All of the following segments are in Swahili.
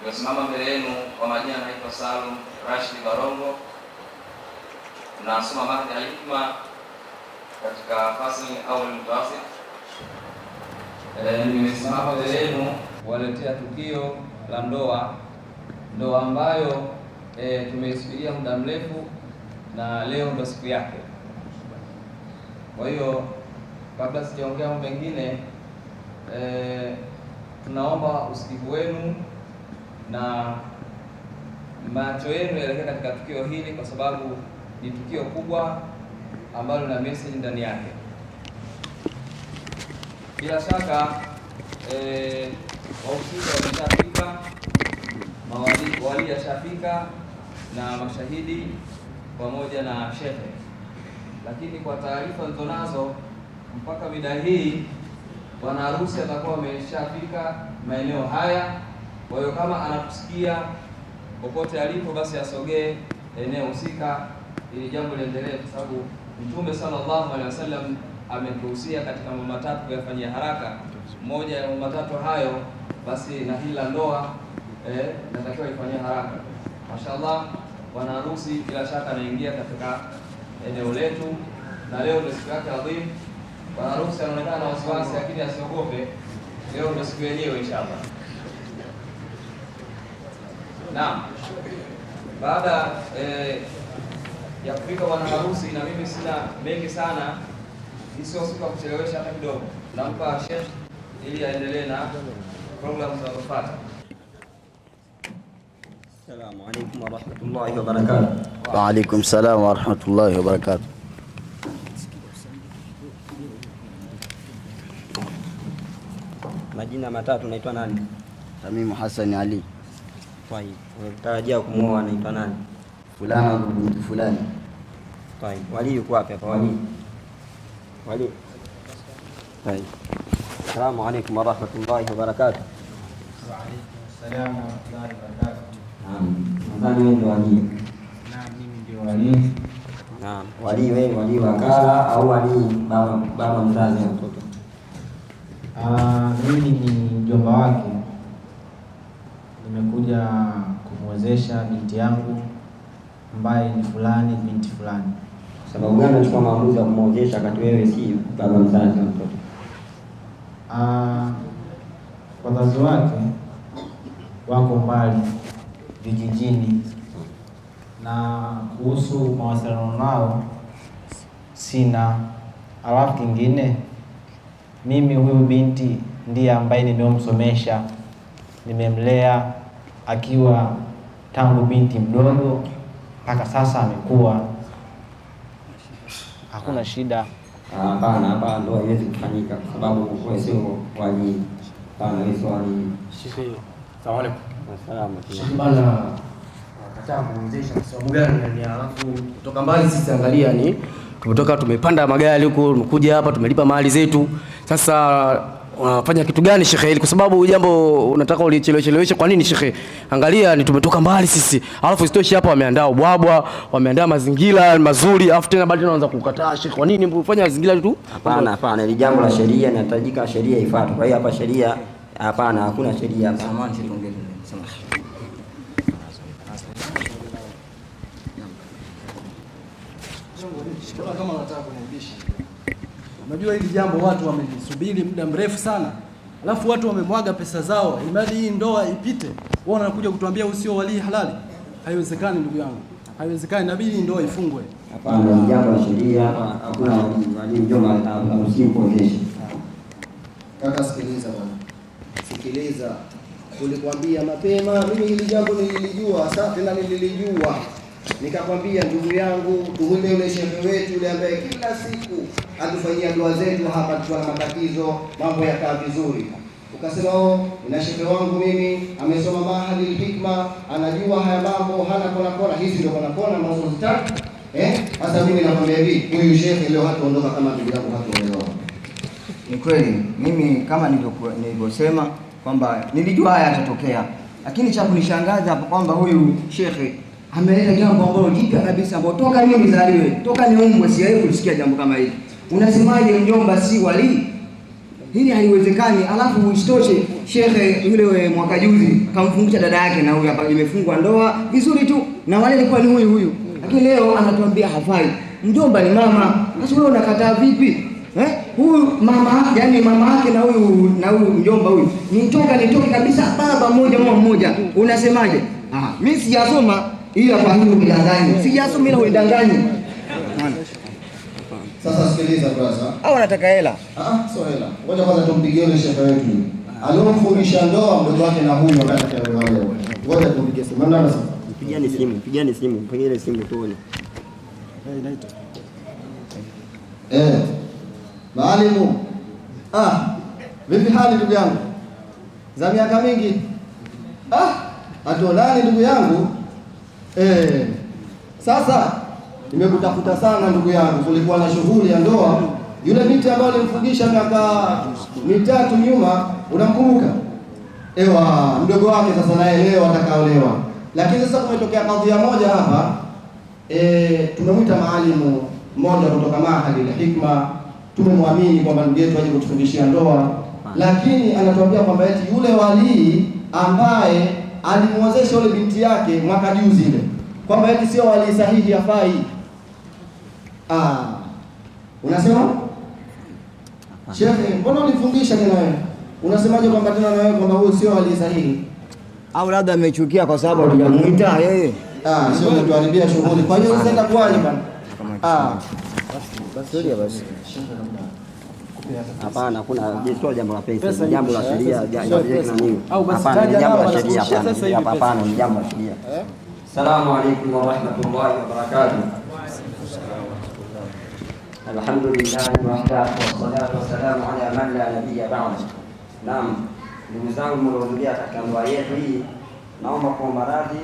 Nimesimama mbele yenu kwa majina, naitwa Salum Rashid Barongo, nasoma mada ya hikma katika fasi au mutawassit. Eh, nimesimama mbele yenu kuwaletea tukio la ndoa, ndoa ambayo e, tumeisubiria muda mrefu na leo ndo siku yake. Kwa hiyo kabla sijaongea mengine, e, tunaomba usikivu wenu na macho yenu yaelekea katika tukio hili, kwa sababu ni tukio kubwa ambalo na message ndani yake. Bila shaka eh, wahusika wameshafika, mawali yashafika na mashahidi pamoja na shehe, lakini kwa taarifa nilizonazo mpaka mida hii bwana harusi atakuwa ameshafika maeneo haya. Kwa hiyo kama anakusikia popote alipo, basi asogee eneo husika ili jambo liendelee, kwa sababu Mtume sallallahu alaihi wasallam ametuhusia katika mambo matatu kuyafanyia haraka. Moja ya mambo matatu hayo basi na hili la ndoa eh, natakiwa ifanyie haraka. Mashallah, bwana harusi bila shaka anaingia katika eneo letu, na leo ndio siku yake adhimu. Bwana harusi anaonekana na wasiwasi, lakini asiogope, leo ndio siku yenyewe inshallah. Naam, baada eh, ya kufika bwana harusi, na mimi sina mengi sana, sio siku ya kuchelewesha hata kidogo. Nampa Sheikh ili aendelee na programu zinazofuata. Assalamu alaykum wa rahmatullahi wa barakatuh. Wa alaykum salam wa rahmatullahi wa barakatuh. Majina matatu naitwa nani? Tamimu Hassan Ali. Tayib. Unatarajia kumwoa anaitwa nani? Fulana binti fulani. Wali yuko wapi hapa wali? Wali. Assalamu wa rahmatullahi wa Wa wa rahmatullahi wa Naam. wali. Naam, wali. Naam. Wali wewe wali wakala au wali baba mzazi wa mtoto? Ah, mimi ni mjomba wake nimekuja kumwezesha binti yangu ambaye ni fulani binti fulani. Sababu gani unachukua maamuzi ya kumwezesha wakati wewe si baba mzazi wa mtoto? Ah, wazazi wake wako mbali vijijini, na kuhusu mawasiliano nao sina. Alafu kingine, mimi huyu binti ndiye ambaye nimemsomesha, nimemlea akiwa tangu binti mdogo mpaka sasa amekuwa hakuna shida. Hapana, hapa ndoa haiwezi kufanyika kwa sababu kwa sio kwa ajili wajibu. Hapana, sio wajibu. Salamu alaykum. Bana wakataa kumwezesha kwa sababu gani? Ni alafu kutoka mbali sisi, angalia ni tumetoka tumepanda magari huko, tumekuja hapa, tumelipa mali zetu sasa unafanya kitu gani shekhe, ili kwa sababu jambo unataka ulicheleweshe. Kwa nini shekhe? Angalia, ni tumetoka mbali sisi, alafu isitoshe hapa wameandaa ubwabwa, wameandaa mazingira mazuri, alafu tena bado tunaanza kukataa shekhe. Kwa nini mfanya mazingira tu? Hapana, hapana, ili jambo la sheria linahitajika, sheria ifuatwe. Kwa hiyo hapa sheria, hapana, hakuna sheria hapa. Samahani, kama unataka kunibishi Unajua hili jambo watu wamelisubiri muda mrefu sana, alafu watu wamemwaga pesa zao, imadi hii ndoa ipite, wao wanakuja kutuambia usio walii halali. Haiwezekani ndugu yangu, haiwezekani, inabidi ndoa ifungwe. Hapana, ni jambo la sheria, hakuna mjomba anaruhusiwa kuonesha. Kaka sikiliza bwana, sikiliza, tulikwambia mapema, mimi hili jambo nililijua, sasa tena nililijua Nikakwambia ndugu yangu, tume ule shehe wetu yule ambaye kila siku atufanyia dua zetu hapa tukiwa na matatizo, mambo yakaa vizuri. Ukasema o oh, na shehe wangu mimi amesoma mahali hikma, anajua haya mambo, hana kona kona, hizi ndo kona kona ambazo zitatu. Eh, mimi nakwambia hivi, huyu shehe leo hatuondoka kama ndugu yangu hatuondoka. Ni kweli mimi kama nilivyosema kwamba nilijua haya yatatokea, lakini cha kunishangaza kwamba huyu shekhe ameleta jambo ambalo jipya kabisa, ambao toka mimi nizaliwe, toka niumbwe sijawahi kusikia jambo kama hili. Unasemaje mjomba, si wali? Hili haiwezekani. Alafu isitoshe, shekhe yule mwaka juzi kamfungisha dada yake, na huyu hapa imefungwa ndoa vizuri tu, na wale alikuwa ni huyu huyu, lakini leo anatuambia hafai. Mjomba ni mama, basi wewe unakataa vipi? Eh? Huyu mama yani mama yake na huyu na huyu mjomba huyu, nitoka nitoke kabisa, baba moja mama moja. Unasemaje? Ah, mimi sijasoma ila hapa hii unidanganya. Si Yesu mimi unidanganya. Sasa sikiliza brother. Au anataka hela? Ah, ah, sio hela. Ngoja kwanza tumpigie yule shehe wetu. Alomfundisha ndoa mdogo wake na huyo wakati akaelewa leo. Ngoja tumpigie simu. Maana sasa pigani simu, pigani simu, pigani simu tuone. Hey, naita. Eh. Maalimu. Ah. Vipi hali ndugu yangu? Za miaka mingi. Ah, hatuonani ndugu yangu. Eh, sasa nimekutafuta sana ndugu yangu, kulikuwa na shughuli ya ndoa. Yule binti ambaye alimfundisha miaka mitatu nyuma, unamkumbuka? Ewa, mdogo wake sasa naye leo atakaolewa, lakini sasa kumetokea kadhia moja hapa Eh, tumemwita maalimu mmoja kutoka Mahali la Hikma, tumemwamini kwamba ndugu yetu aje kutufundishia ndoa, lakini anatuambia kwamba eti yule walii ambaye alimwozesha yule binti yake mwaka juzi ile kwamba eti sio sahihi, afai. Ah, unasema Sheikh, mbona ulifundisha tena wewe? Unasemaje kwamba tena na wewe kwamba huyu sio sahihi? Au labda amechukia kwa sababu hujamuita yeye? Ah, sio mtuharibia shughuli. Kwa hiyo sasa itakuwaje bana? Ah, basi basi. Hapana, hakuna sio jambo la pesa, ni jambo la sheria. Hapana, eh? ni jambo la sheria. Hapana, ni jambo la sheria. Salamu alaykum wa rahmatullahi wa barakatuh. Alhamdulillahi wahdah wassalatu wassalamu ala man la nabiyya ba'd. Naam, ndugu zangu mliohudhuria katika ndoa yetu hii, naomba kuomba maradhi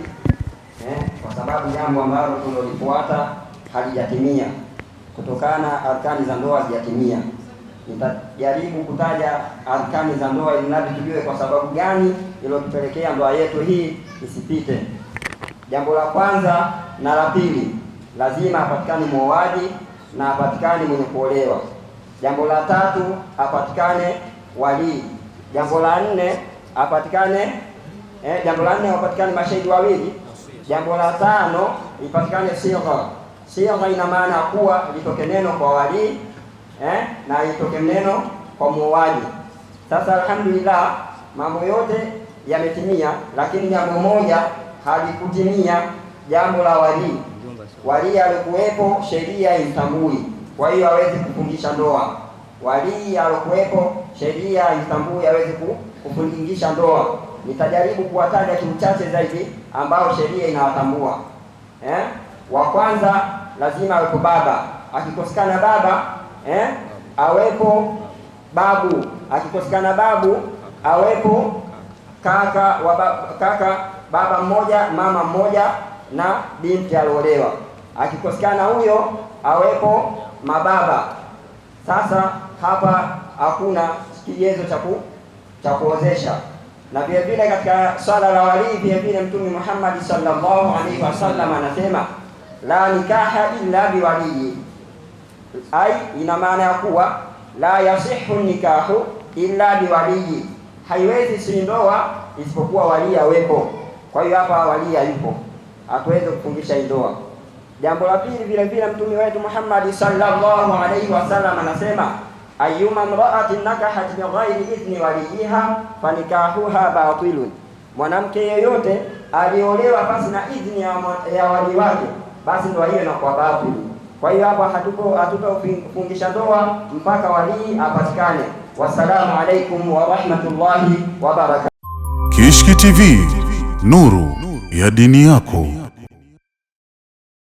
eh, kwa sababu jambo ambalo tulolifuata halijatimia kutokana arkani za ndoa hazijatimia nitajaribu kutaja arkani za ndoa ili nadi tujue kwa sababu gani iliyotupelekea ndoa yetu hii isipite. Jambo la kwanza na la pili, lazima apatikane muoaji na apatikane mwenye kuolewa. Jambo la tatu, apatikane walii. Jambo la nne, apatikane eh, jambo la nne, apatikane mashahidi wawili. Jambo la tano, ipatikane sigha. Sigha ina maana kuwa litoke neno kwa walii eh, na itoke neno kwa muuaji. Sasa alhamdulillah, mambo yote yametimia, lakini jambo moja halikutimia, jambo la walii. Walii alikuwepo, sheria imtambui, kwa hiyo hawezi kufungisha ndoa. Walii alikuwepo, sheria imtambui, hawezi kufungisha ndoa. Nitajaribu kuwataja kiuchache zaidi ambao sheria inawatambua eh? Wa kwanza lazima awepo baba, akikosekana baba eh? awepo babu, akikosekana babu awepo kaka wa baba, kaka baba mmoja mama mmoja na binti aliolewa. Akikosekana huyo awepo mababa. Sasa hapa hakuna kigezo cha cha kuozesha na vile vile katika swala la walii vile vile Mtume Muhammad sallallahu alaihi wasallam anasema la nikaha illa biwalii ai ina maana ya kuwa la yasihu nikahu illa biwalii haiwezi si ndoa isipokuwa wali awepo. Kwa hiyo hapa wali hayupo, hatuwezi kufungisha ndoa. Jambo la pili, vile vile mtume wetu Muhammad sallallahu alaihi wasallam anasema ayyuma mraati nakahat bighairi idhni waliyiha fanikahuha batilun, mwanamke yeyote aliolewa pasi na idhni ya, ya wali wake, basi ndoa hiyo inakuwa batili. Kwa hiyo hapa hatuko hatutafungisha ndoa mpaka walii apatikane. Wassalamu alaikum wa rahmatullahi wa barakatuh. Kishki TV, nuru ya dini yako.